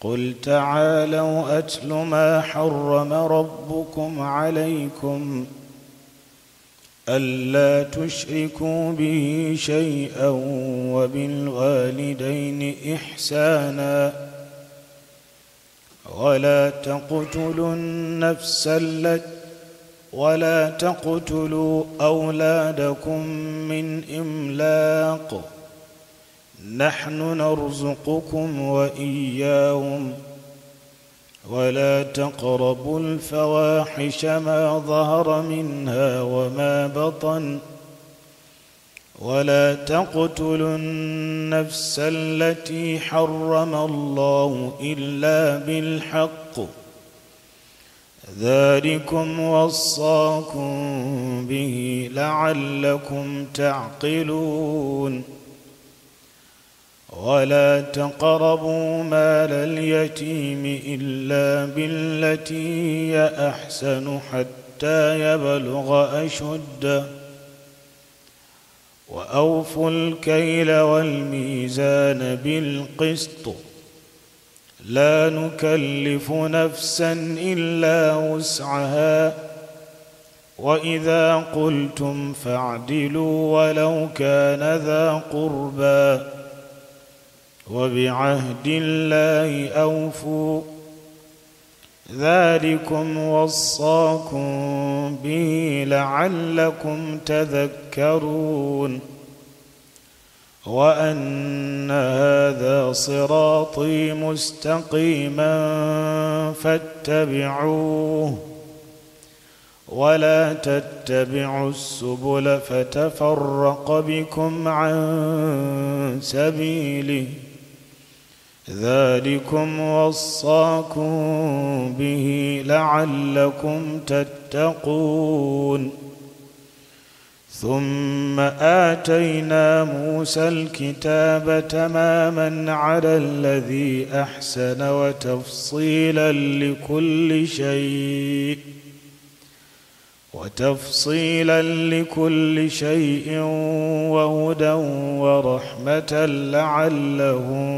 قل تعالوا أتل ما حرم ربكم عليكم ألا تشركوا به شيئا وبالوالدين إحسانا ولا تقتلوا النفس التي ولا تقتلوا أولادكم من إملاق نحن نرزقكم واياهم ولا تقربوا الفواحش ما ظهر منها وما بطن ولا تقتلوا النفس التي حرم الله الا بالحق ذلكم وصاكم به لعلكم تعقلون ولا تقربوا مال اليتيم إلا بالتي هي أحسن حتى يبلغ أشده وأوفوا الكيل والميزان بالقسط لا نكلف نفسا إلا وسعها وإذا قلتم فاعدلوا ولو كان ذا قربى وبعهد الله أوفوا ذلكم وصاكم به لعلكم تذكرون وأن هذا صراطي مستقيما فاتبعوه ولا تتبعوا السبل فتفرق بكم عن سبيله ذلكم وصاكم به لعلكم تتقون ثم اتينا موسى الكتاب تماما على الذي احسن وتفصيلا لكل شيء وتفصيلا لكل شيء وهدى ورحمة لعلهم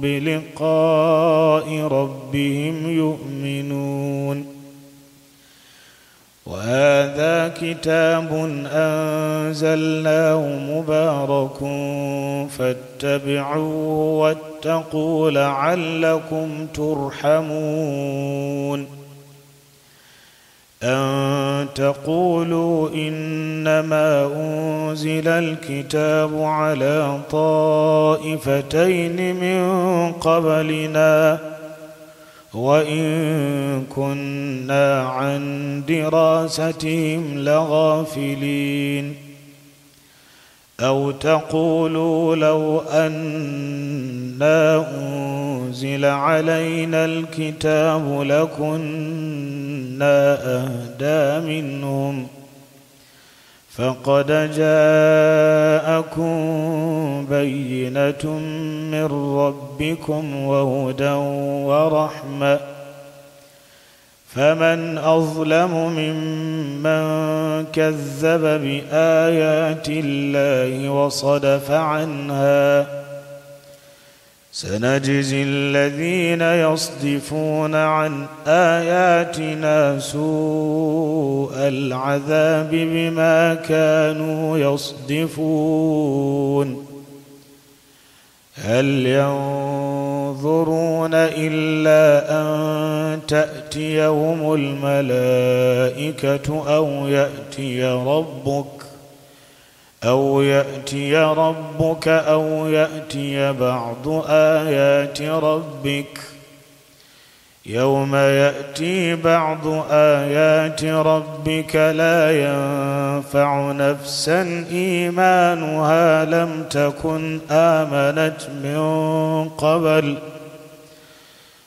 بلقاء ربهم يؤمنون وهذا كتاب أنزلناه مبارك فاتبعوه واتقوا لعلكم ترحمون أن تقولوا إنما أنزل الكتاب على طائفتين من قبلنا وإن كنا عن دراستهم لغافلين أو تقولوا لو أنا أنزل علينا الكتاب لكنا إلا أهدى منهم فقد جاءكم بينة من ربكم وهدى ورحمة فمن أظلم ممن كذب بآيات الله وصدف عنها سنجزي الذين يصدفون عن آياتنا سوء العذاب بما كانوا يصدفون هل ينظرون إلا أن تأتيهم الملائكة أو يأتي ربك أو يأتي ربك أو يأتي بعض آيات ربك يوم يأتي بعض آيات ربك لا ينفع نفسا إيمانها لم تكن آمنت من قبل ۖ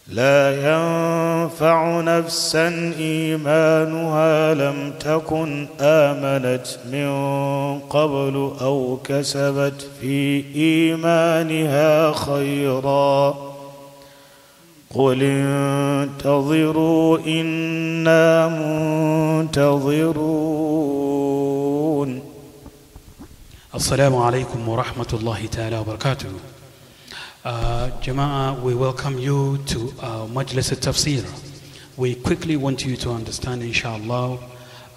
لا ينفع نفسا ايمانها لم تكن امنت من قبل او كسبت في ايمانها خيرا قل انتظروا انا منتظرون السلام عليكم ورحمه الله تعالى وبركاته Uh, Jamaa, we welcome you to our uh, Majlis al-Tafsir. We quickly want you to understand, inshallah,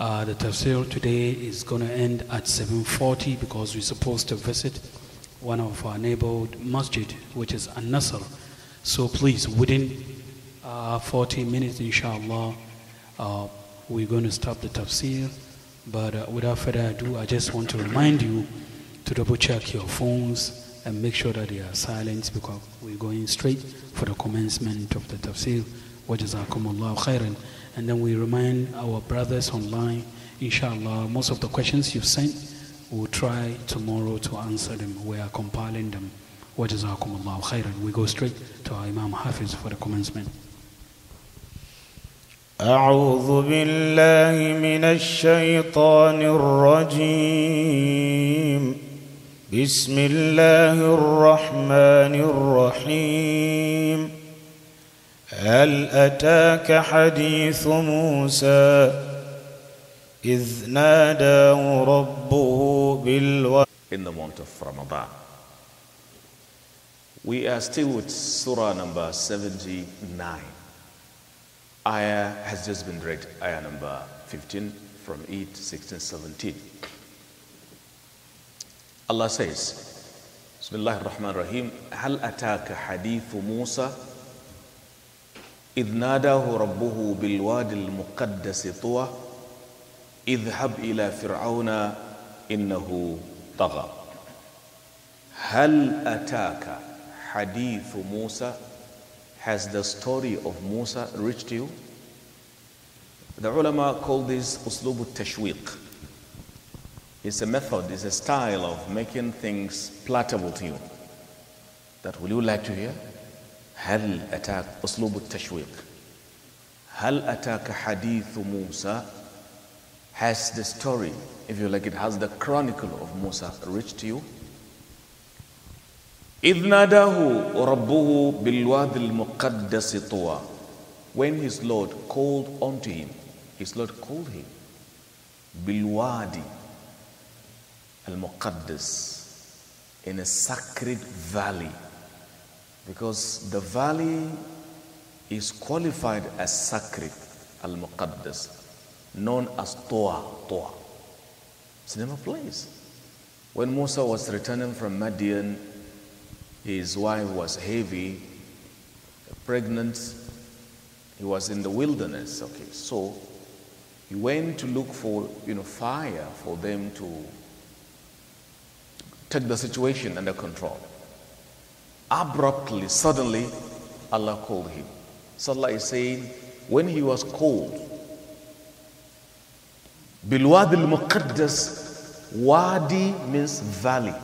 uh, the tafsir today is going to end at 7.40 because we're supposed to visit one of our neighborhood masjid, which is An-Nasr. So please, within uh, 40 minutes, inshallah, uh, we're going to stop the tafsir. But uh, without further ado, I just want to remind you to double check your phones, and make sure that they are silent because we're going straight for the commencement of the tafsir. Wajazakumullahu khairan. And then we remind our brothers online, inshallah, most of the questions you've sent, we'll try tomorrow to answer them. We are compiling them. Wajazakumullahu khairan. We go straight to our Imam Hafiz for the commencement. أعوذ بالله من الشيطان الرجيم بسم الله الرحمن الرحيم هل أتاك حديث موسى إذ ناداه ربه بالو In the month of Ramadan We are still with Surah number 79 Ayah has just been read Ayah number 15 from 8, 16, 17 Allah says, Bismillah ar-Rahman ar-Rahim, هل أتاك حديث موسى إذ ناداه ربه بالوادي المقدس طوى اذهب إلى فرعون إنه طغى هل أتاك حديث موسى Has the story of Musa reached you? The ulama call this uslubu tashwiq It's a method, it's a style of making things palatable to you. That will you like to hear? هل أتاك أسلوب التشويق هل أتاك حديث موسى Has the story, if you like it, has the chronicle of Musa reached you? إذ ناداه ربه بالواد المقدس طوى When his Lord called unto him, his Lord called him بالوادي al-Muqaddas in a sacred valley because the valley is qualified as sacred al-Muqaddas known as Toa Toa it's the name of place when Musa was returning from Madian his wife was heavy pregnant he was in the wilderness okay so he went to look for you know fire for them to take the situation under control. Abruptly, suddenly, Allah called him. So Allah is saying, when he was called, Bilwadi al-Muqaddas, Wadi means valley.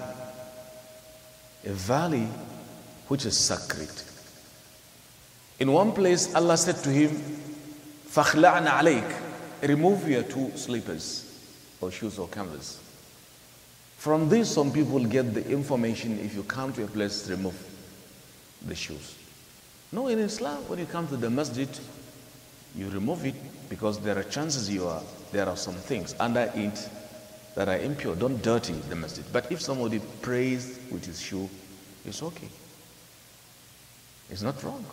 A valley which is sacred. In one place, Allah said to him, Fakhlaan عَلَيْكَ Remove your two slippers or shoes or canvas. From this, some people get the information if you come to a place, remove the shoes. No, in Islam, when you come to the masjid, you remove it because there are chances you are, there are some things under it that are impure. Don't dirty the masjid. But if somebody prays with his shoe, it's okay. It's not wrong.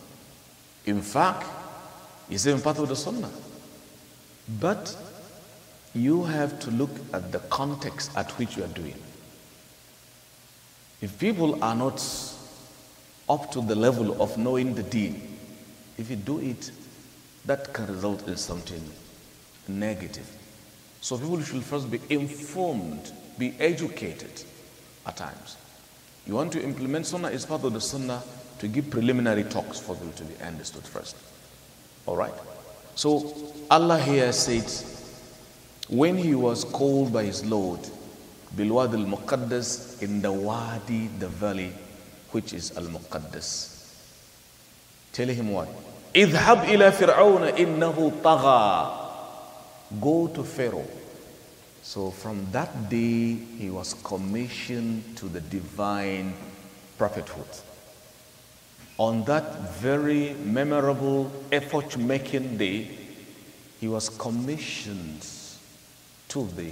In fact, it's even part of the sunnah. But you have to look at the context at which you are doing. If people are not up to the level of knowing the deen, if you do it, that can result in something negative. So people should first be informed, be educated at times. You want to implement sunnah, it's part of the sunnah to give preliminary talks for people to be understood first. All right? So Allah here says, when he was called by his Lord, Bilwad al Muqaddas, in the Wadi, the valley, which is al Muqaddas. Tell him what? إذهب ila فرعون إنّه طغى. Go to Pharaoh. So from that day, he was commissioned to the divine prophethood. On that very memorable, effort making day, he was commissioned to the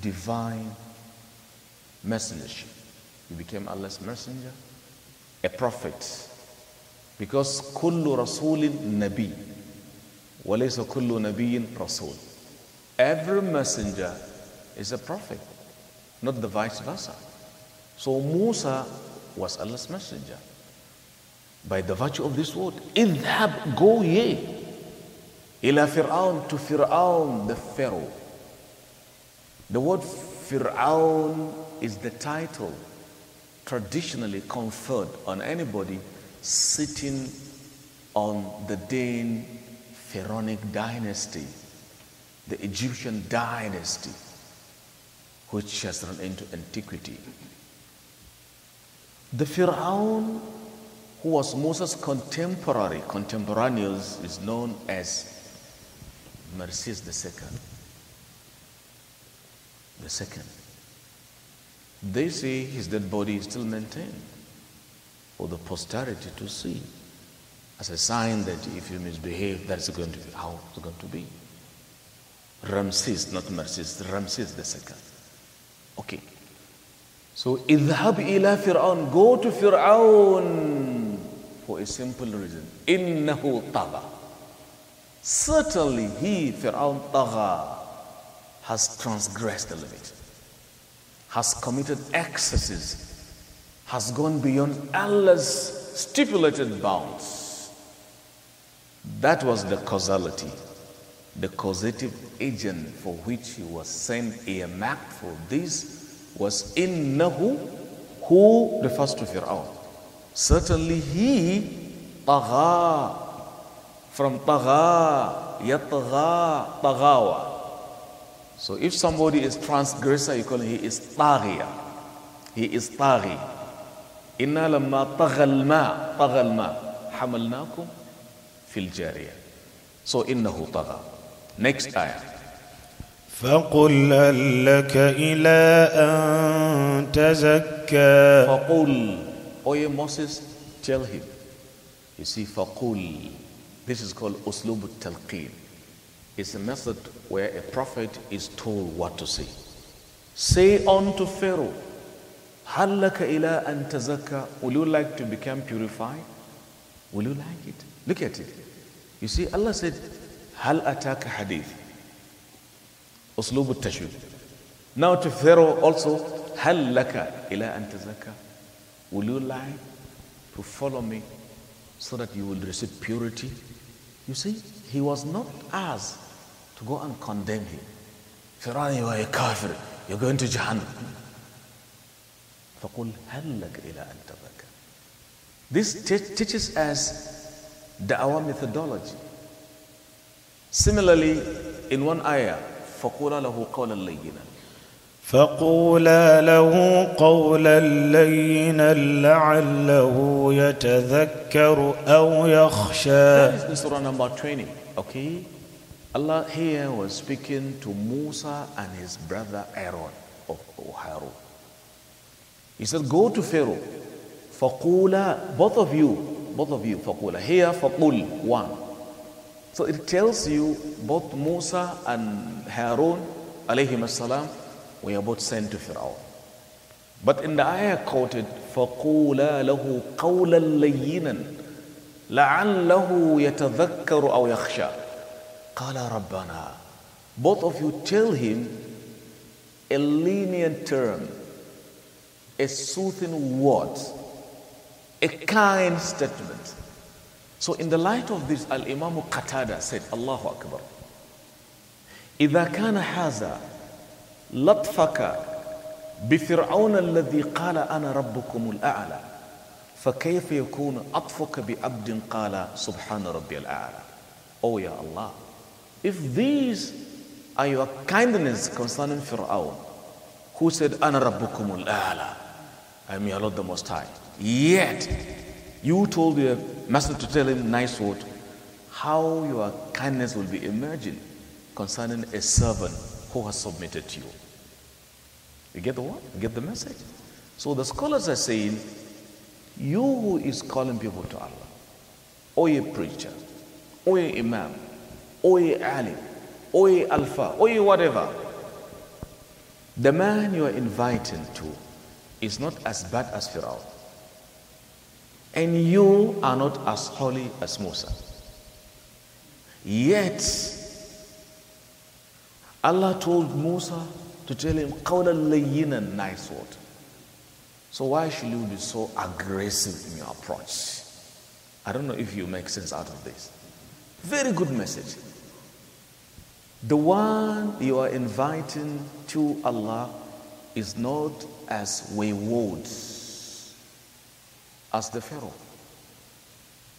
divine messengership. He became Allah's messenger, a prophet. Because kullu rasulin nabi, walaysa kullu nabiyin rasul. Every messenger is a prophet, not the vice versa. So Musa was Allah's messenger. By the virtue of this word, idhab, go ye, ila fir'aun, to fir'aun, the pharaoh. The word Fir'aun is the title traditionally conferred on anybody sitting on the Dane Pharaonic dynasty, the Egyptian dynasty, which has run into antiquity. The Pharaoh, who was Moses' contemporary, contemporaneous, is known as Mercedes II the second. They say his dead body is still maintained for the posterity to see as a sign that if you misbehave, that is going to be how it's going to be. Ramses, not Mercedes, Ramses the second. Okay. So, idhab ila Fir'aun, go to Fir'aun for a simple reason. Innahu tagha. Certainly he, Fir'aun tagha has transgressed the limit, has committed excesses, has gone beyond Allah's stipulated bounds. That was the causality, the causative agent for which he was sent earmarked for this was in Nahu, who refers to Fir'aun. Certainly he, tagha, from tagha, yatagha, tagawa. So if somebody is transgressor, you call him, he is taghiya. He is taghi. إنا لما طغى الماء طغى الماء حملناكم في الجارية so إنه طغى next ayah. فقل لك إلى أن تزكى فقل Oh yeah, Moses, tell him. You see, فقل. This is called أسلوب التلقين. is a method where a prophet is told what to say. Say unto Pharaoh, Hallaka ila antazaka, will you like to become purified? Will you like it? Look at it. You see, Allah said, Hal ataka hadith. Uslub tashud. Now to Pharaoh also, Hallaka ila antazaka, will you like to follow me so that you will receive purity? You see, he was not asked go and condemn him. Fir'aun, you are a kafir. You're going to Jahannam. فَقُلْ هَلْ لَكَ إِلَىٰ أَن This teaches us the our methodology. Similarly, in one ayah, فَقُولَ لَهُ قَوْلًا لَيِّنًا فقولا له قولا لينا لعله يتذكر أو يخشى That is in surah number 20, okay? Allah here was speaking to Musa and his brother Aaron of Oharu. He said, Go to Pharaoh. Fakula, both of you, both of you, Fakula. Here, Fakul, one. So it tells you both Musa and Harun, alayhim salam, were both sent to Pharaoh. But in the ayah quoted, fakula lahu قَوْلًا لَيِّنًا لَعَلَّهُ يَتَذَكَّرُ أَوْ يَخْشَى قال ربنا both of you tell him a lenient term a soothing word a kind statement so in the light of this al-imam qatada said Allahu akbar إذا كان هذا لطفك بفرعون الذي قال أنا ربكم الأعلى فكيف يكون عطفك بعبد قال سبحان ربي الأعلى أو يا الله If these are your kindness concerning Fir'aun, who said, Ana Rabbukumul A'la, I am your Lord the Most High. Yet, you told your master to tell him nice word, how your kindness will be emerging concerning a servant who has submitted to you. You get the what? You get the message? So the scholars are saying, you who is calling people to Allah, or a preacher, or a imam, Oe alim, Oe Alpha, Oe whatever. The man you are inviting to is not as bad as Pharaoh. And you are not as holy as Musa. Yet, Allah told Musa to tell him, Qawla nice word. So why should you be so aggressive in your approach? I don't know if you make sense out of this. Very good message. The one you are inviting to Allah is not as wayward as the Pharaoh,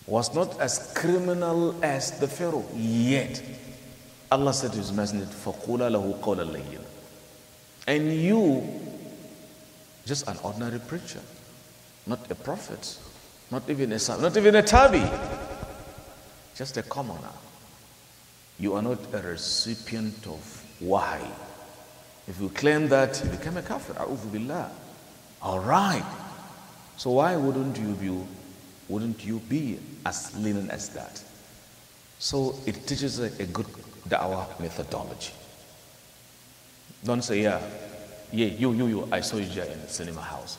was not as criminal as the Pharaoh, yet Allah said to his messenger, فَقُولَ لَهُ قَوْلَ And you, just an ordinary preacher, not a prophet, not even a not even a tabi, just a commoner. You are not a recipient of why. If you claim that, you become a kafir. billah. All right. So why wouldn't you be, wouldn't you be as lenient as that? So it teaches a, a good da'wah methodology. Don't say, yeah, yeah, you, you, you, I saw you there in the cinema house.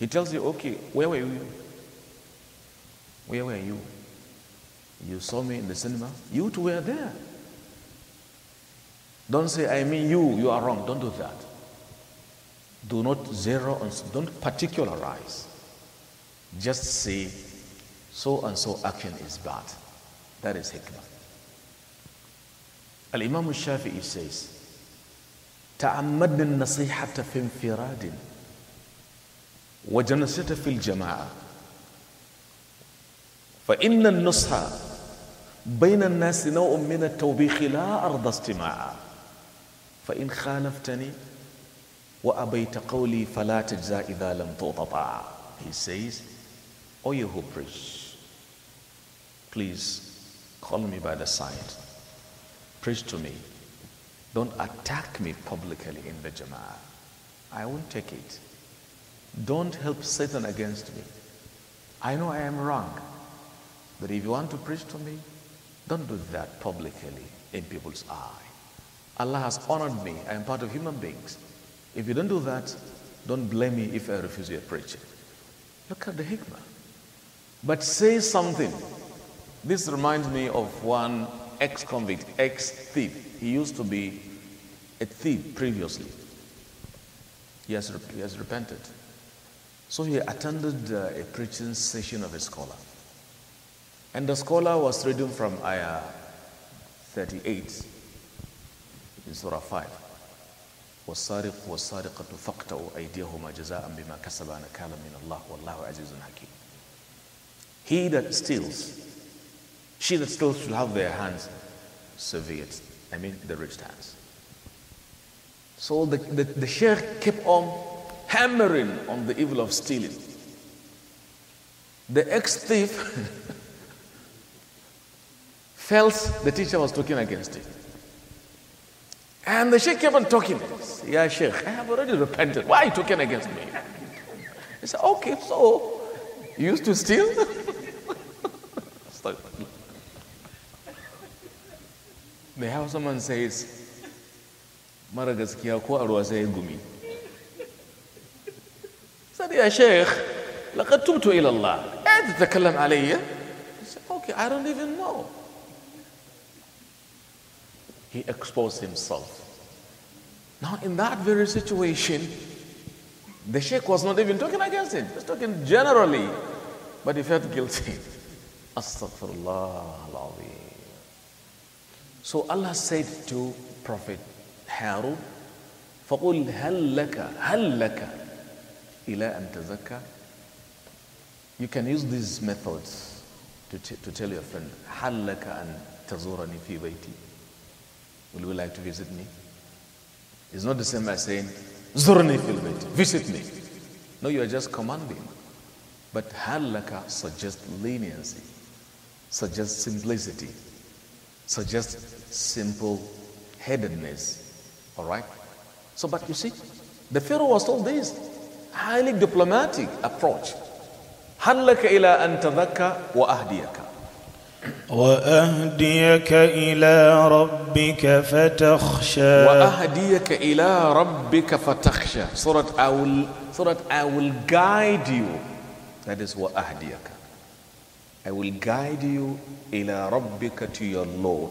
He tells you, okay, where were you? Where were you? You saw me in the cinema. You two were there. Don't say, I mean you, you are wrong. Don't do that. Do not zero on, don't particularize. Just say, so and so action is bad. That is hikmah. Al Imam Shafi'i says, تعمدنا النصيحة في انفراد وجلست في الجماعة فإن النصح بين الناس نوع من التوبيخ لا أرضى استماعا فإن خالفتني وأبيت قولي فلا تجزى إذا لم تطاع He says, O oh, you who preach, please call me by the side. Preach to me. Don't attack me publicly in the Jama'ah. I won't take it. Don't help Satan against me. I know I am wrong. But if you want to preach to me, don't do that publicly in people's eye. Allah has honored me. I am part of human beings. If you don't do that, don't blame me if I refuse your preaching. Look at the hikmah. But say something. This reminds me of one ex convict, ex thief. He used to be a thief previously. He has, he has repented. So he attended uh, a preaching session of a scholar. And the scholar was reading from ayah 38 in Surah 5. والسارق والسارقة فاقطعوا أيديهما جزاء بما كسبا نكالا من الله والله عزيز حكيم. He that steals, she that steals should have their hands severed. I mean the rich hands. So the, the, the sheikh kept on hammering on the evil of stealing. The ex-thief felt the teacher was talking against it. And the sheikh kept on talking. Yeah, sheikh, I have already repented. Why are you talking against me? He said, okay, so you used to steal? They have someone says, mara gaskiya ko a gumi. Said, yeah, sheikh, لقد تبت إلى الله. أنت تتكلم علي? He said, okay, I don't even know he exposed himself. Now, in that very situation, the sheikh was not even talking against him, just talking generally, but he felt guilty. Astaghfirullah So Allah said to Prophet Harun, فقل هل لك هل لك إلى أن تزكى You can use these methods to, to tell your friend هل لك أن تزورني في بيتي Will you like to visit me? It's not the same as saying, Zurni filbet, visit me. No, you are just commanding. But halaka suggests leniency, suggests simplicity, suggests simple headedness. All right? So, but you see, the Pharaoh was all this highly diplomatic approach. Halaka ila antadaka wa ahdiyaka. وأهديك إلى ربك فتخشى وأهديك إلى ربك فتخشى so that I will I will guide you that is وأهديك I will guide you إلى ربك to your Lord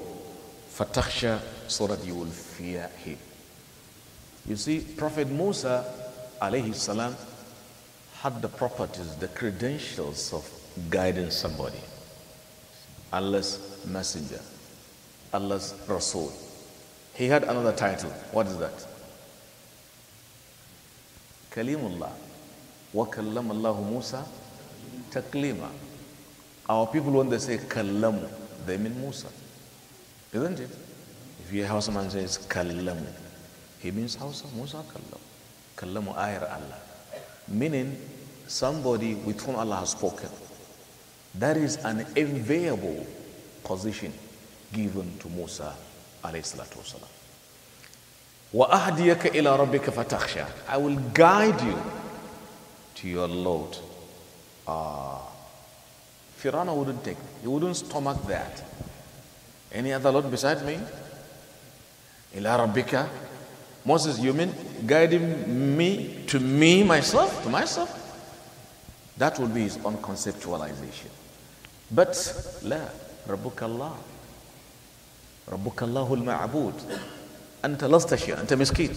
فتخشى so that you will fear him you see Prophet Musa عليه السلام had the properties the credentials of guiding somebody Allah's messenger, Allah's Rasul. He had another title. What is that? Kalimullah. وَكَلَّمَ اللَّهُ مُوسَى تَكْلِيمًا Our people, when they say kallamu, they mean Musa. Isn't it? If your house man says kallamu, he means Hausa, Musa kallamu. Kallamu ayar Allah. Meaning, somebody with whom Allah has spoken. That is an enviable position given to Musa alayhi salatu wasalam. وَأَهْدِيَكَ إِلَىٰ رَبِّكَ I will guide you to your Lord. Ah, Firana wouldn't take, he wouldn't stomach that. Any other Lord beside me? إِلَىٰ Rabbika. Moses, you mean guiding me to me, myself, to myself? That would be his own conceptualization. But لا ربك الله ربك الله المعبود أنت لست شيء أنت مسكين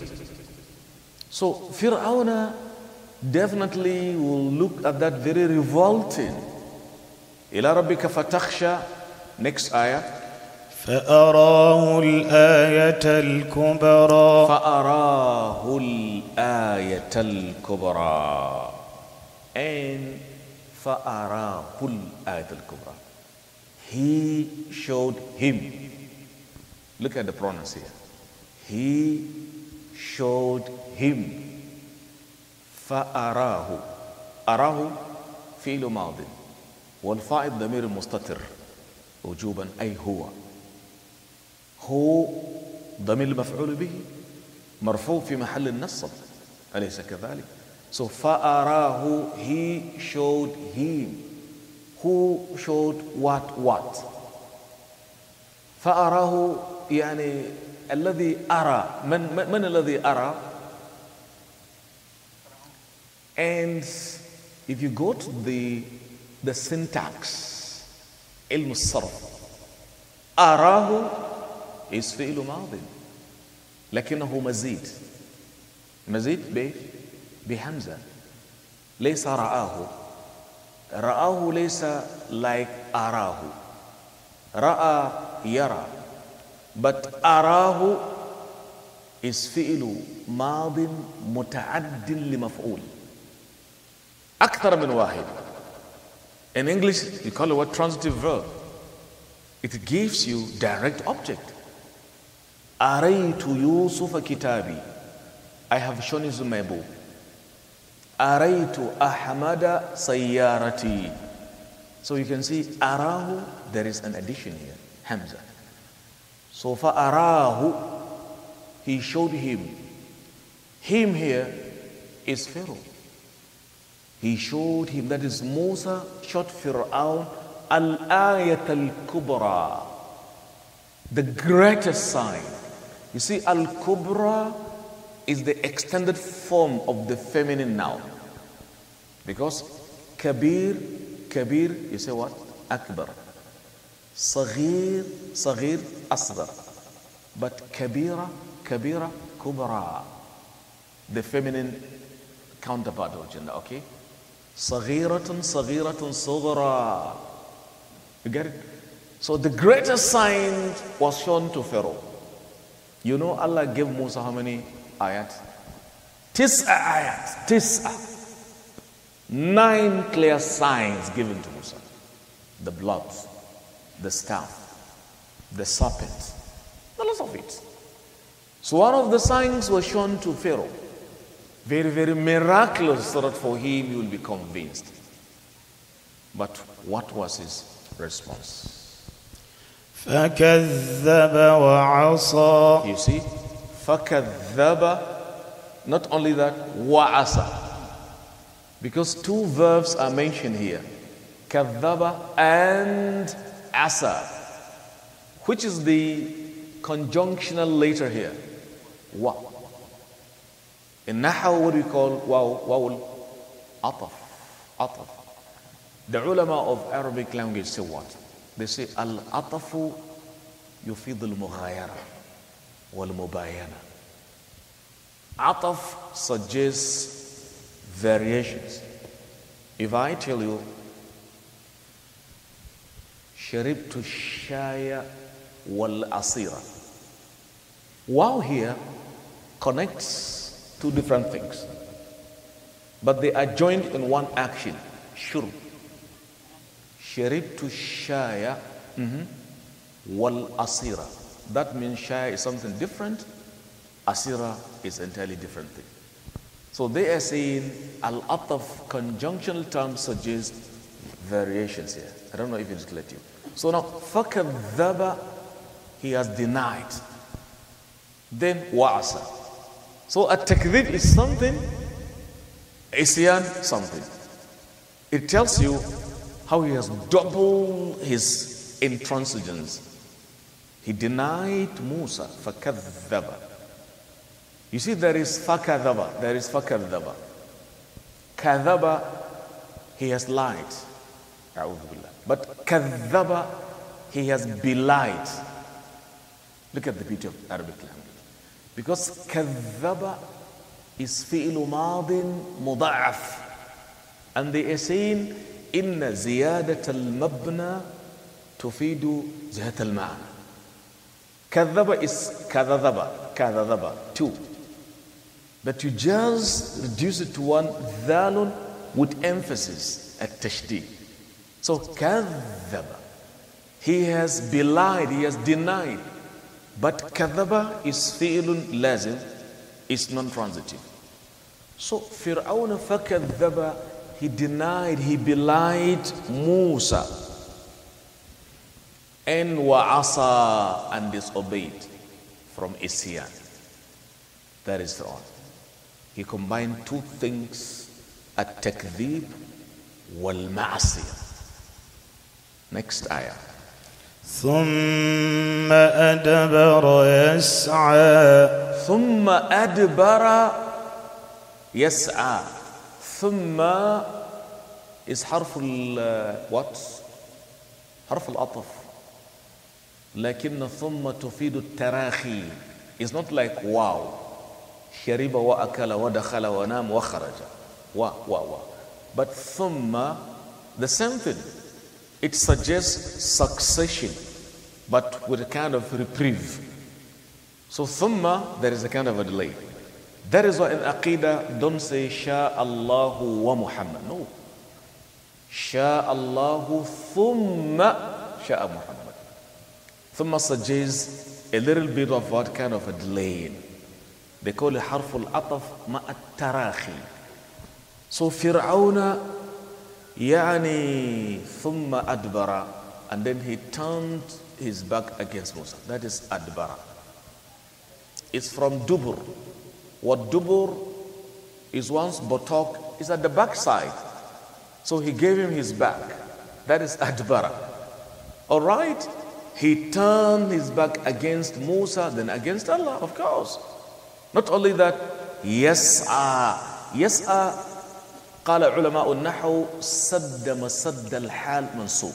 So فرعون definitely will look at that very revolting إلى ربك فتخشى next ayah فأراه الآية الكبرى فأراه الآية الكبرى and فأراه الآية الكبرى He showed him. Look at the pronouns here. He showed him. فأراه أراه فعل ماض والفاعل ضمير المستتر وجوبا أي هو هو ضمير المفعول به مرفوع في محل النصب أليس كذلك So fa'arahu, he showed him. Who showed what what? Fa'arahu, يعني الذي أرى من من الذي أرى and if you go to the the syntax علم الصرف أراه is فعل ماض لكنه مزيد مزيد بإيه؟ بهمزة ليس رآه رآه ليس like أراه رأى يرى but أراه is فعل ماض متعد لمفعول أكثر من واحد In English you call it what transitive verb it gives you direct object أريت يوسف كتابي I have shown you my book Araitu Ahmada Sayyarati. So you can see Arahu, there is an addition here, Hamza. So for Arahu, he showed him. Him here is Pharaoh. He showed him, that is Musa shot Pharaoh Al-Ayat Al-Kubra, the greatest sign. You see, Al-Kubra is the extended form of the feminine noun. Because kabir, kabir, you say what? Akbar. Saghir, saghir, asghar. But kabira, kabira, kubra. The feminine counterpart of gender, okay? Saghiratun, saghiratun, sughra. You get it? So the greatest sign was shown to Pharaoh. You know Allah gave Musa how many ayat. Tis'a ayat. Tis'a. Nine clear signs given to Musa. The blood, the staff, the serpent, the lot of it. So one of the signs was shown to Pharaoh. Very, very miraculous so that for him you will be convinced. But what was his response? You see, فَكَذَّبَ Not only that, وَعَصَى because two verbs are mentioned here kadhaba and asa which is the conjunctional letter here wa in nahw what do we call waw wawl ataf ataf the ulama of arabic language say what they say al atafu yufid mughayara out of suggests variations. If I tell you, شربت الشاي والأصير Wow here connects two different things. But they are joined in one action. شرب شربت الشاي والأصير that means Shia is something different, Asira is entirely different thing. So they are saying a lot of conjunctional terms suggest variations here. I don't know if it's clear to you. So now fakadhaba, he has denied. Then wa'asa. So a takdhib is something, isyan something. It tells you how he has doubled his intransigence He denied Musa, فَكَذَّبَ You see, there is فَكَذَّبَ, there is فَكَذَّبَ. كَذَّبَ, he has lied. But كَذَّبَ, he has belied. Look at the beauty of Arabic language. Because كَذَّبَ is فِئِلُ madin مُضَعَّفٍ And they are saying إن زيادة المبنى تفيد جهة المعنى Kadhaba is kadhaba, kadhaba, two. But you just reduce it to one dhalun with emphasis at tashdiq. So kadhaba. He has belied, he has denied. But kadhaba is fi'lun lazim, is non-transitive. So Fir'aun kadhaba, he denied, he belied Musa and wa'asa and disobeyed from Isyan. That is wrong. He combined two things at takdib wal ma'asiyah. Next ayah. ثم أدبر يسعى ثم أدبر يسعى ثم is حرف ال uh, what حرف العطف لكن ثم تفيد التراخي It's not like wow شرب وأكل ودخل ونام وخرج و و و But ثم the same thing It suggests succession but with a kind of reprieve So ثم there is a kind of a delay That is why in Aqidah don't say Sha الله wa Muhammad No Sha الله ثم Sha Muhammad ثم suggests a little bit of what kind of a delay. They call it حرف العطف مع التراخي. So فرعون يعني ثم أدبر and then he turned his back against Musa. That is أدبر. It's from dubur. What dubur is once buttock is at the backside. So he gave him his back. That is adbara. All right? he turned his back against Musa, then against Allah, of course. Not only that, يسعى يسعى قال علماء النحو سد مسد الحال منصوب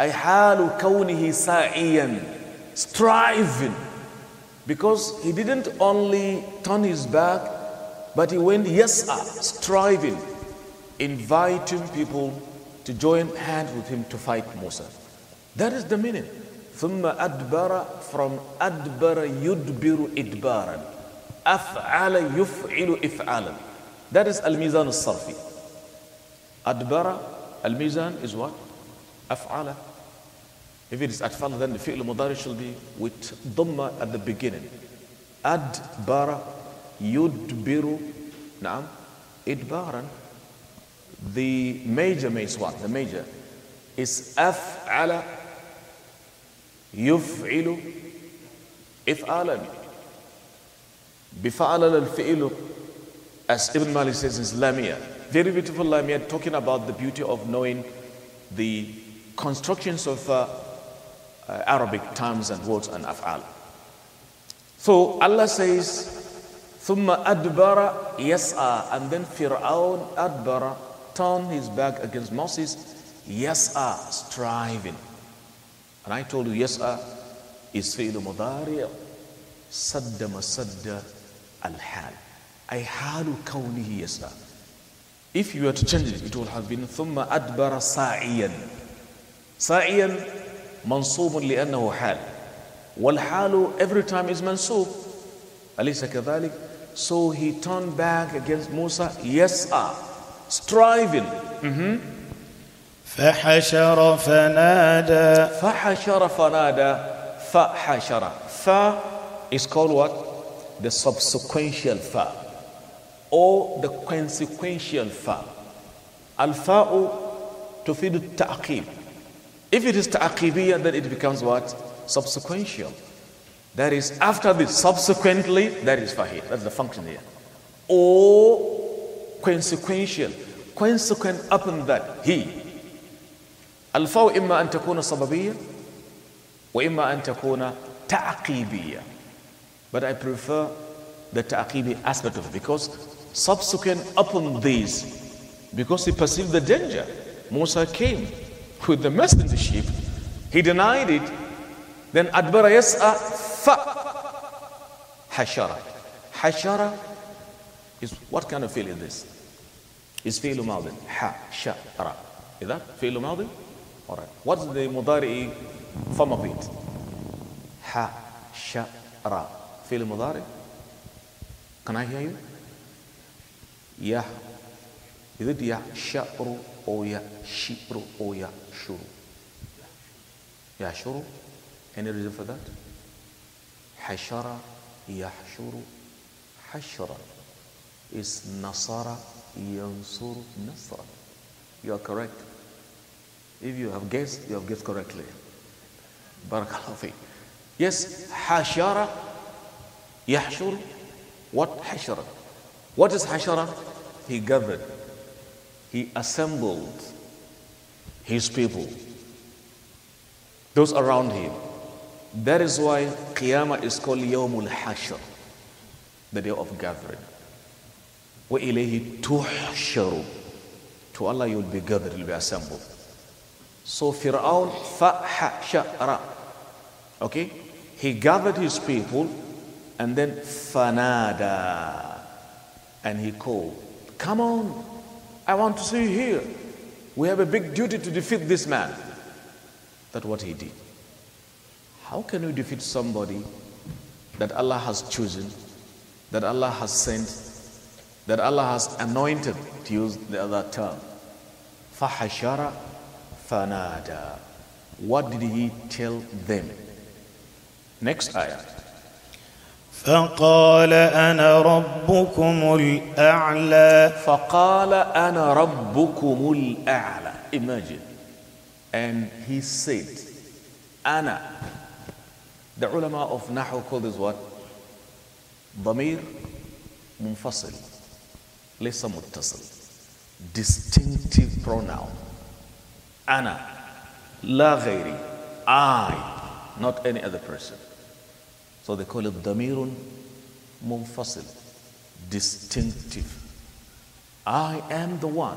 أي حال كونه ساعيا striving because he didn't only turn his back but he went ah, striving inviting people to join hands with him to fight Musa that is the meaning. ثُمَّ adbara from أَدْبَرَ يُدْبِرُ إِدْبَارًا أَفْعَلَ يُفْعِلُ إِفْعَالًا That is al-mizan Adbara, أَدْبَرَ al-mizan is what? أَفْعَلَ If it is أَتْفَالَ then the fi'l mudari will be with duma at the beginning. أَدْبَرَ يُدْبِرُ نعم إِدْبَارًا The major means what? The major is أَفْعَلَ يفعل إفعالا بفعل الفعل as Ibn Malik says is Lamia very beautiful Lamia talking about the beauty of knowing the constructions of uh, uh, Arabic terms and words and af'al so Allah says ثم أدبر يسعى and then Fir'aun أدبر turned his back against Moses يسعى striving and I told you, yas'a is fi'l mudari' sadda masadda al-hal. Ay halu kawnihi yas'a. If you were to change it, it would have been thumma adbara sa'iyan. Sa'iyan منصوب Hal. Wal-Halu every time is mansub. أليس كذلك so he turned back against Musa yes ah striving mm -hmm. فحشر فنادى فحشر فنادى فحشر fa is called what the subsequential fa or the consequential fa الفاء تفيد التعقيب if it is تعقيبية then it becomes what subsequential that is after this subsequently that is is فَهِيِ. that's the function here or consequential consequent upon that he الفو إما أن تكون سببية وإما أن تكون تعقيبية but I prefer the تعقيبي aspect of it because subsequent upon these because he perceived the danger Musa came with the sheep. he denied it then أدبر يسعى ف حشرة حشرة is what kind of feel is this is feel ماضي حشرة is that feel ماضي all right. What's the mudari form of it? Ha, sha, ra. Feel mudari? Can I hear you? Yah. Is it yah sha'ru or yah shi'ru yah shuru? Yah shuru? Any reason for that? Hashara, shuru, hashara. Is nasara, yansuru, Nasara. You are correct. If you have guessed, you have guessed correctly. Barakallahu Yes, hashara, yahshur. What hashara? What is hashara? He gathered. He assembled his people. Those around him. That is why Qiyamah is called Yawmul Hashr, the day of gathering. وَإِلَيْهِ تُحْشَرُ To Allah you will be gathered, you will be assembled. So Fir'aun fahashara. Okay? He gathered his people and then fanada. And he called, Come on, I want to see you here. We have a big duty to defeat this man. That's what he did. How can you defeat somebody that Allah has chosen, that Allah has sent, that Allah has anointed, to use the other term? Fahashara fanada. What did he tell them? Next ayah. فقال أنا ربكم الأعلى فقال أنا ربكم الأعلى Imagine. And he said, أنا The ulama of Nahu call this what? ضمير منفصل ليس متصل Distinctive pronoun Ana, la ghairi, I, not any other person. So they call it damirun munfasil, distinctive. I am the one.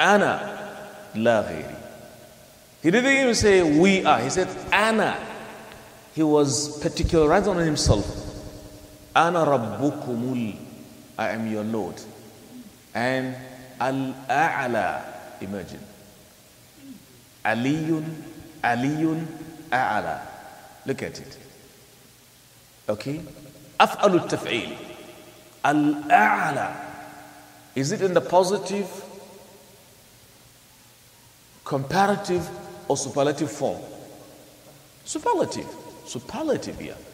Ana, la ghairi. He didn't even say we are. He said Ana. He was particularized on himself. Ana Rabbukumul. I am your Lord. And Al A'la. Imagine. Aliyun, Aliyun, A'ala. Look at it. Okay? Af'alu taf'il. Al-A'ala. Is it in the positive, comparative, or superlative form? Superlative. Superlative here. Yeah.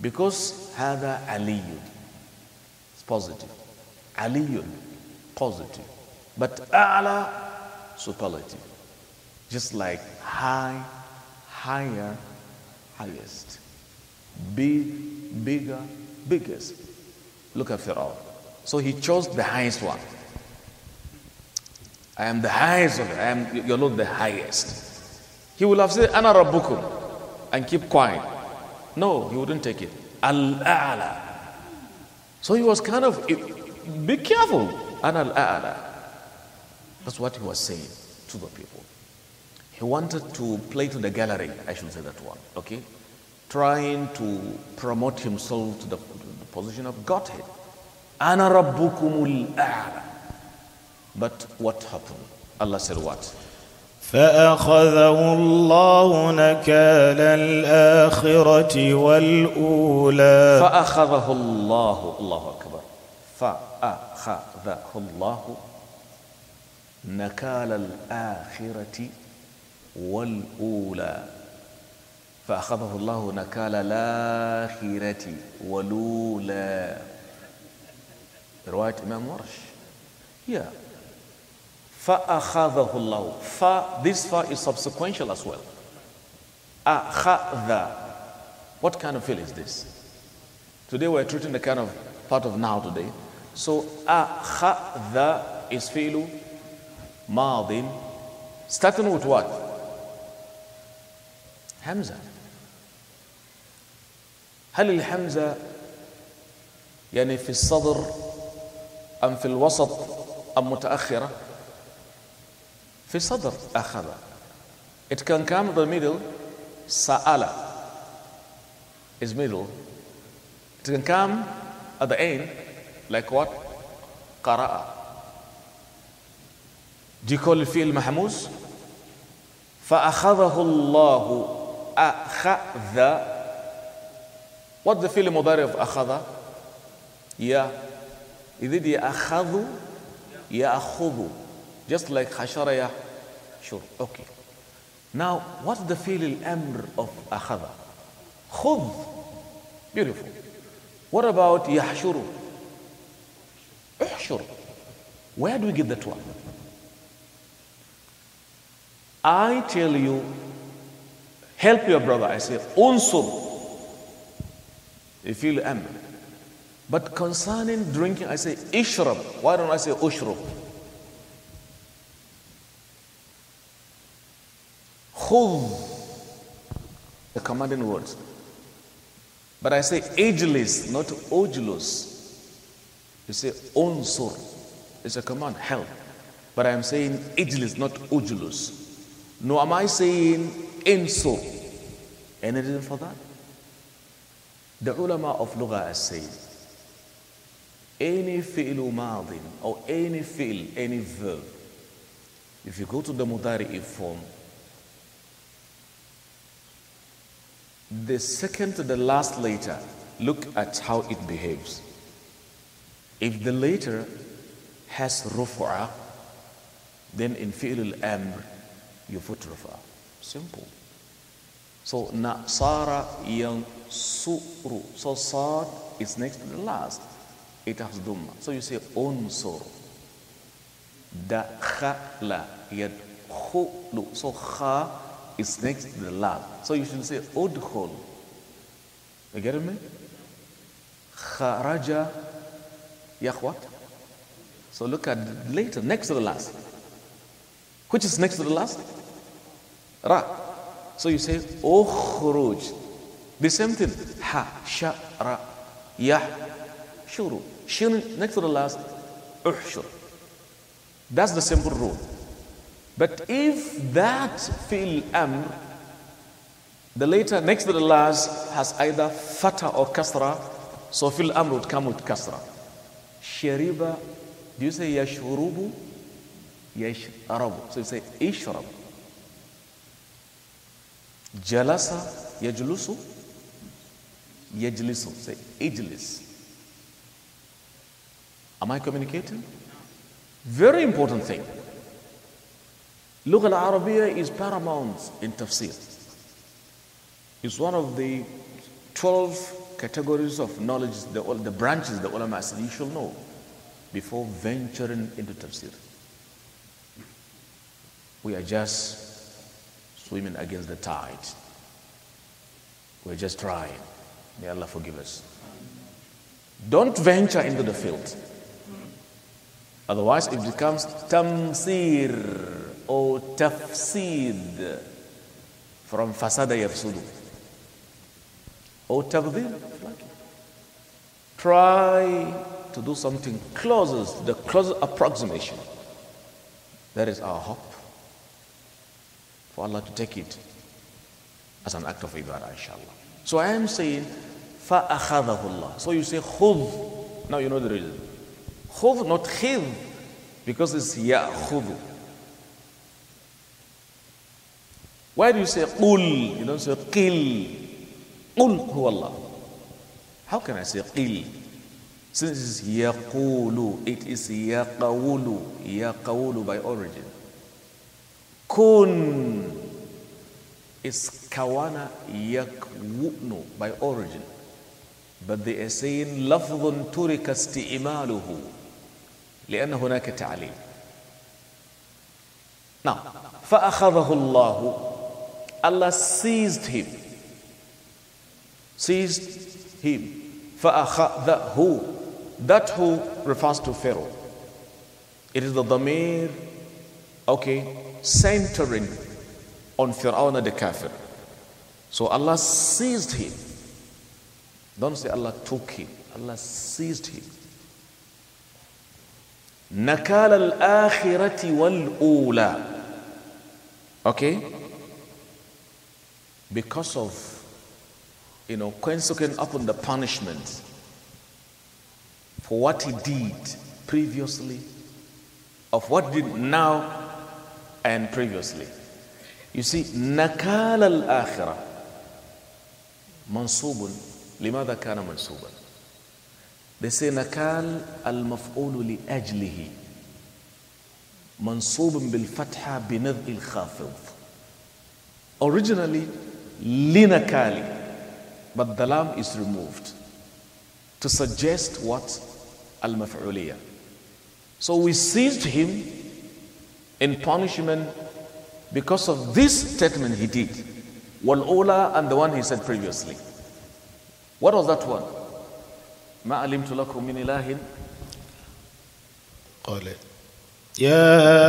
Because هذا Aliyun. It's positive. Aliyun, positive. But A'ala, superlative. Just like high, higher, highest. Big, bigger, biggest. Look at Pharaoh. So he chose the highest one. I am the highest of them. I am, you're not the highest. He would have said, Ana Rabukum," and keep quiet. No, he wouldn't take it. Al-A'la. So he was kind of, be careful. Ana Al-A'la. That's what he was saying to the people. He wanted to play to the gallery, I should say that one, okay? Trying to promote himself to the, to the position of Godhead. But what happened? Allah said what? فأخذه الله نكال الآخرة والأولى فأخذه الله الله أكبر فأخذه الله نكال الآخرة والأولى فأخذه الله نكال الآخرة والأولى رواية إمام ورش yeah فأخذه الله فا this فا is subsequential as well أخذ what kind of feel is this today we are treating the kind of part of now today so أخذ is feel ماضي starting with what حمزة هل الحمزة يعني في الصدر أم في الوسط أم متأخرة في الصدر أخذ it can come the middle سأل is middle it can come at the end like what قرأ do you call الفعل محموس فأخذه الله أخذ What's the fi'l mudari of أخذ? Yeah. دي it يا يأخذ Just like حشر يا Sure. Okay. Now, what's the feel al of أخذ? خذ. Beautiful. What about يحشر? احشر. Where do we get that one? I tell you Help your brother, I say, unsur. You feel am. But concerning drinking, I say ishrab. Why don't I say ushrub? Khud, the commanding words. But I say ageless, not ojulous. You say unsur. It's a command, help. But I am saying ageless, not ojulous. No, am I saying insult. Any reason for that? The ulama of Lugha has said, any fi'lu madin or any fi'l, any verb, if you go to the mudari'i form, the second to the last letter, look at how it behaves. If the letter has rufa, then in fi'l al-amr, you put rufa. Simple. So Nasara yang suru. So sad is next to the last. It has Dhamma. So you say unsur. Dakhala yadkhulu. So kha is next to the last. So you should say udkhul. You get me? Kharaja yakhwat. So look at later, next to the last. Which is next to the last? ra. So you say, ukhruj. The same thing, ha, sha, ra, ya shuru. Shin next to the last, uhshur. That's the simple rule. But if that fil am. the later next to the last has either fata or kasra, so fil am would come with kasra. Shariba, do you say yashrubu? Yashrabu. So you say ishrabu. Jalasa yajlusu yajlisu. Say ijlis. Am I communicating? Very important thing. Lughal arabiya is paramount in tafsir. It's one of the 12 categories of knowledge, the, the branches the ulama said you should know before venturing into tafsir. We are just swimming against the tide. We're just trying. May Allah forgive us. Don't venture into the field. Otherwise, it becomes tamsir or tafsid from fasada yafsudu or tabdil. Try to do something closest, the closest approximation. That is our hope for Allah to take it as an act of ibadah, inshallah. So I am saying, فَأَخَذَهُ اللَّهُ So you say, خُذ. Now you know the reason. خُذ, not خِذ, because it's يَأْخُذُ. Why do you say قُل? You don't say قِل. قُل هو Allah. How can I say قِل? Since it's يَقُولُ, it is يَقَوُلُ, يَقَوُلُ by origin. Kun is kawana yakwunu by origin. But they are saying لفظ ترك استئماله لأن هناك تعليل. Now, فأخذه الله Allah seized him. Seized him. فأخذه That who refers to Pharaoh. It is the dhamir, okay, centering on Fir'aun the kafir. So Allah seized him. Don't say Allah took him. Allah seized him. نكال الآخرة والأولى Okay? Because of, you know, consequent upon the punishment for what he did previously, of what did now and previously. You see, نكال الآخرة منصوب لماذا كان منصوبا؟ They say نكال المفعول لأجله منصوب بالفتحة بنذء الخافض. Originally لِنكالِ but the lam is removed to suggest what al maf'uliyah so we seized him in punishment because of this statement he did. Walola and the one he said previously. What was that one? ما علمت لكم من إله قال يا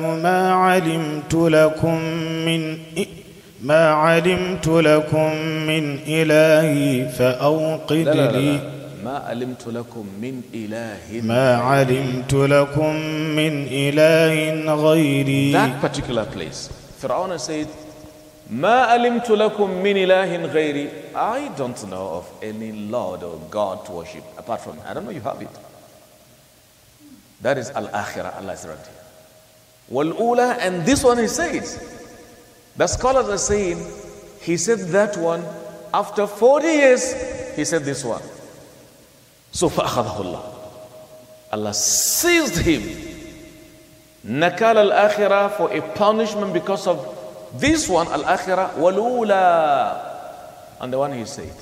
مان ما علمت لكم من ما علمت لكم من إلهي فأوقد لي ما علمت لكم من إله ما علمت لكم من إله غيري That particular place Pharaoh said ما علمت لكم من إله غيري I don't know of any Lord or God to worship apart from I don't know you have it That is Al-Akhirah Allah's right here Wal-Ula and this one he says The scholars are saying he said that one after 40 years he said this one so فأخذه Allah seized him. Nakal al-akhirah for a punishment because of this one, al-akhirah, walula. And the one he said,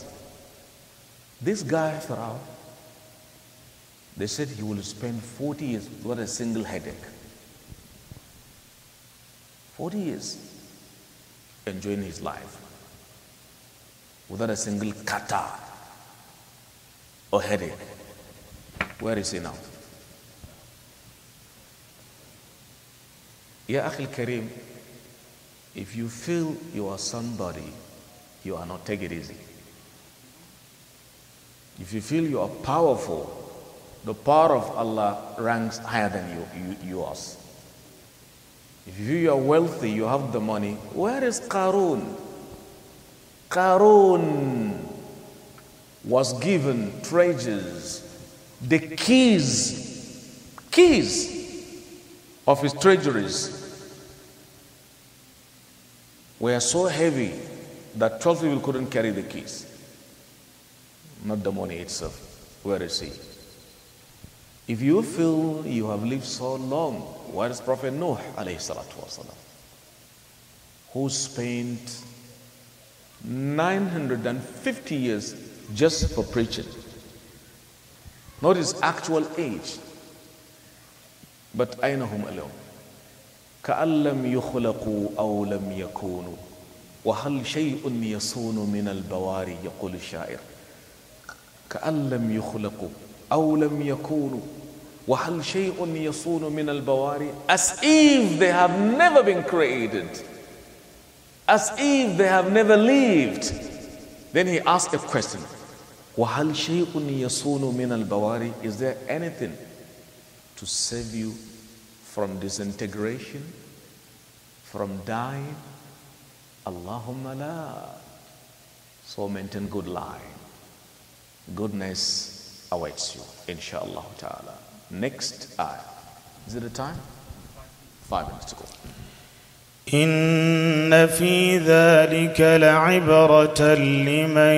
this guy, Pharaoh, they said he will spend 40 years without a single headache. 40 years enjoying his life without a single kata or headache. Where is he now? Ya Akhil Karim, if you feel you are somebody, you are not, take it easy. If you feel you are powerful, the power of Allah ranks higher than you, you, yours. If you are wealthy, you have the money. Where is Qarun? Qarun was given treasures, the keys, keys of his treasuries were so heavy that 12 people couldn't carry the keys. Not the money itself. Where is he? If you feel you have lived so long, where is Prophet Nuh wasalam, who spent 950 years just for preaching. Not his actual age. But aynahum alone. كَأَلَّمْ يُخْلَقُوا أَوْ لَمْ يَكُونُوا وَهَلْ شَيْءٌ يَصُونُ مِنَ الْبَوَارِ يَقُولُ الشَّاعِرُ كَأَلَّمْ يُخْلَقُوا أَوْ لَمْ يَكُونُوا وَهَلْ شَيْءٌ يَصُونُ مِنَ الْبَوَارِ As if they have never been created. As if they have never lived. Then he asked a question. وَهَلْ شَيْءٌ يَصُونُ مِنَ الْبَوَارِ Is there anything to save you from disintegration, from dying? Allahumma la. So maintain good line. Goodness awaits you, inshallah ta'ala. Next ayah. Is it the time? Five minutes to go. ان في ذلك لعبره لمن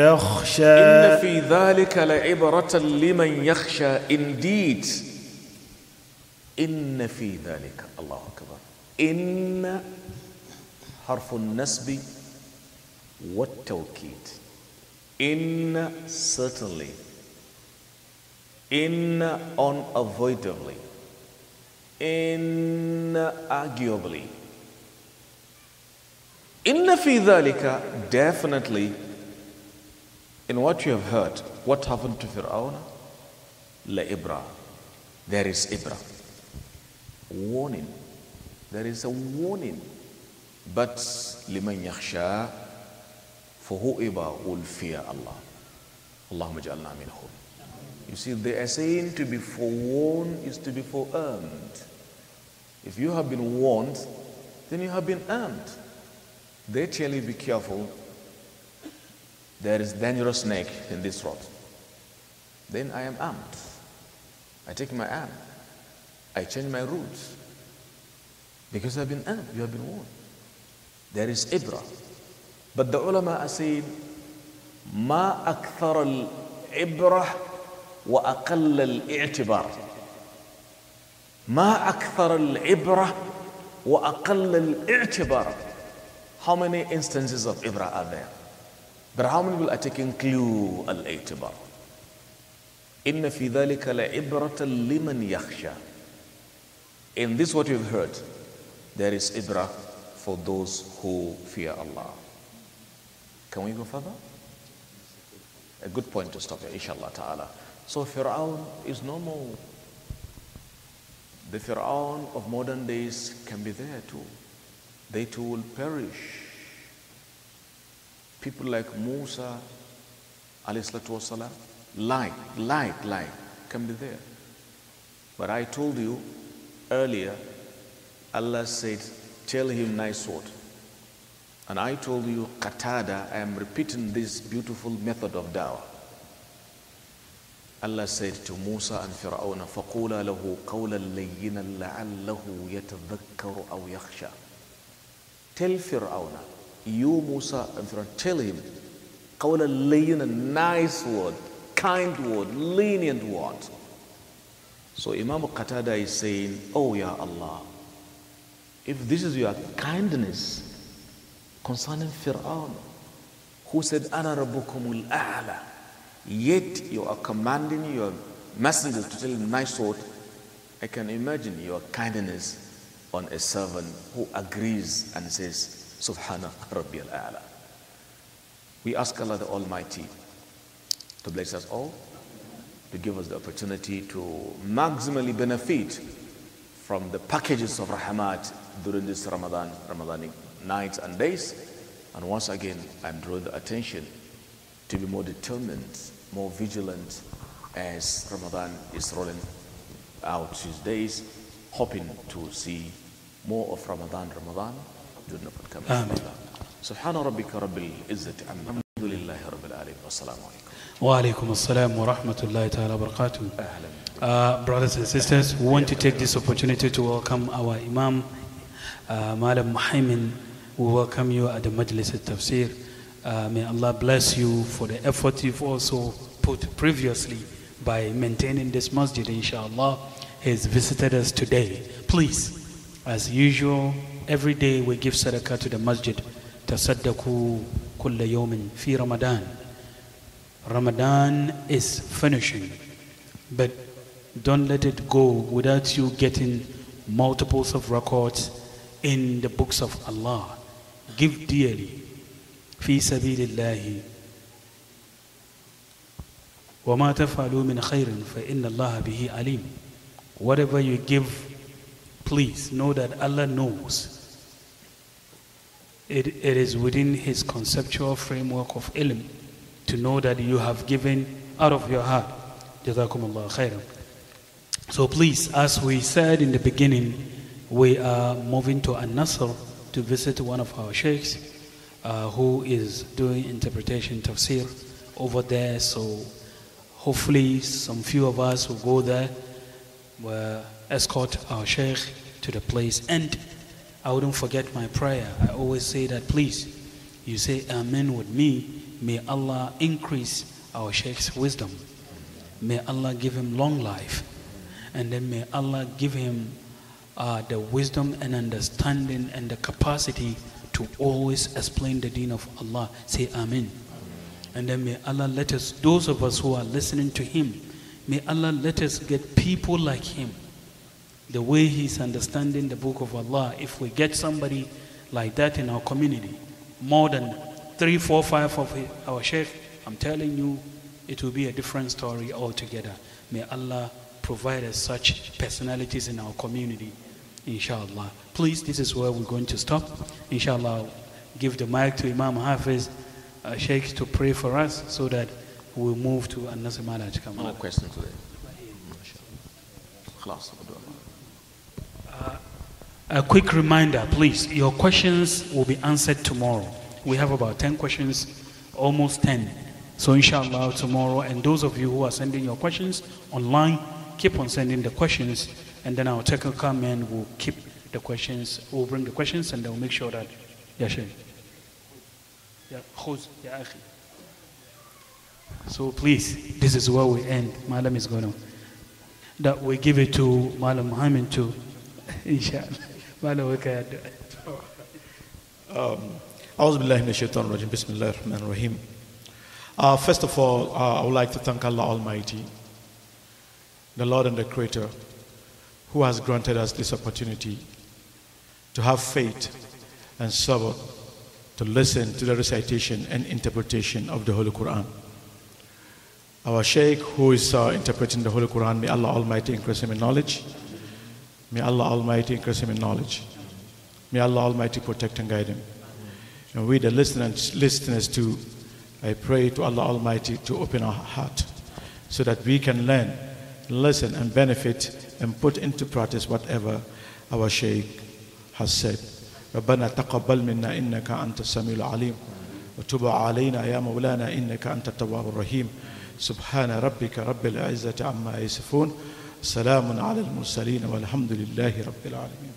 يخشى ان في ذلك لعبره لمن يخشى indeed ان في ذلك الله اكبر ان حرف النسب والتوكيد ان certainly ان unavoidably inarguably. Uh, Inna fi dhalika, definitely, in what you have heard, what happened to Fir'aun? La ibra. There is ibra. Warning. There is a warning. But liman yakhsha, for whoever will fear Allah. Allahumma ja'alna minhum. You see, they are saying to be forewarned is to be forearmed. If you have been warned, then you have been armed. They tell you be careful. There is dangerous snake in this road. Then I am armed. I take my arm. I change my route. Because I've been armed, you have been warned. There is ibra. But the ulama are saying, ما أكثر العبرة وأقل الاعتبار ما أكثر العبرة وأقل الاعتبار How many instances of عبرة are there? But how many people are taking clue الاعتبار? إن في ذلك لعبرة لمن يخشى In this what you've heard, there is عبرة for those who fear Allah. Can we go further? A good point to stop here, inshallah ta'ala. So Fir'aun is no more The Fir'aun of modern days can be there too. They too will perish. People like Musa, والسلام, like, like, like, can be there. But I told you earlier, Allah said, tell him nice word. And I told you, Qatada, I am repeating this beautiful method of dawah. Allah said to Musa and Fir'aun, فَقُولَا لَهُ قَوْلًا لَيِّنًا لَعَلَّهُ يَتَذَكَّرُ أَوْ يَخْشَى Tell Fir'aun, you Musa and Fir'aun, tell him, قَوْلًا لَيِّنًا Nice word, kind word, lenient word. So Imam Qatada is saying, Oh Ya Allah, if this is your kindness concerning Fir'aun, who said, أَنَا رَبُّكُمُ الْأَعْلَى Yet you are commanding your messengers to tell him nice word. I can imagine your kindness on a servant who agrees and says, "Subhanallah." We ask Allah the Almighty to bless us all, to give us the opportunity to maximally benefit from the packages of Rahmat during this Ramadan, Ramadanic nights and days. And once again, I'm drawing the attention to be more determined more vigilant as Ramadan is rolling out its days, hoping to see more of Ramadan. Ramadan, do not come. سبحان ربك رب العزة عما الحمد لله رب العالمين والسلام عليكم وعليكم السلام ورحمة الله تعالى وبركاته uh, brothers and sisters we want to take this opportunity to welcome our Imam uh, Malam Muhaimin we welcome you at the Majlis al-Tafsir uh, may Allah bless you for the effort you've also put previously by maintaining this masjid, inshallah. He has visited us today. Please, as usual, every day we give sadaqah to the masjid. Tasaddaku kulla yawmin fi Ramadan. Ramadan is finishing, but don't let it go without you getting multiples of records in the books of Allah. Give dearly في سبيل الله وما تفعلوا من خير فإن الله به عليم whatever you give please know that Allah knows it, it is within his conceptual framework of ilm to know that you have given out of your heart الله khairan so please as we said in the beginning we are moving to an nasr to visit one of our sheikhs uh, who is doing interpretation tafsir over there. So hopefully some few of us will go there, will uh, escort our sheikh to the place. And I wouldn't forget my prayer. I always say that, please, you say amen with me. May Allah increase our sheikh's wisdom. May Allah give him long life. And then may Allah give him uh, the wisdom and understanding and the capacity to always explain the deen of Allah. Say Amen. Amen. And then may Allah let us, those of us who are listening to Him, may Allah let us get people like Him. The way He's understanding the book of Allah, if we get somebody like that in our community, more than three, four, five of our sheikh, I'm telling you, it will be a different story altogether. May Allah provide us such personalities in our community inshallah. Please, this is where we're going to stop. Inshallah, I'll give the mic to Imam Hafiz uh, Sheikh to pray for us so that we'll move to another manage. No question today. Uh, a quick reminder, please. Your questions will be answered tomorrow. We have about 10 questions, almost 10. So, inshallah, tomorrow. And those of you who are sending your questions online, keep on sending the questions and then our technical men will keep the questions, will bring the questions, and they'll make sure that. Yeah, sure. Yeah, so please, this is where we end. Malam is going to. That we give it to Malam Muhammad too. Inshallah. Malam Wakayad. Um, أعوذ بالله من uh, First of all, uh, I would like to thank Allah Almighty, the Lord and the Creator who has granted us this opportunity to have faith and sabr to listen to the recitation and interpretation of the Holy Quran. Our Shaykh, who is uh, interpreting the Holy Quran, may Allah Almighty increase him in knowledge. May Allah Almighty increase him in knowledge. May Allah Almighty protect and guide him. And we, the listeners, listeners too, I pray to Allah Almighty to open our heart so that we can learn, listen, and benefit and put into practice whatever our Shaykh has said. ربنا تقبل منا إنك أنت السميع العليم وتب علينا يا مولانا إنك أنت التواب الرحيم سبحان ربك رب العزة عما يصفون سلام على المرسلين والحمد لله رب العالمين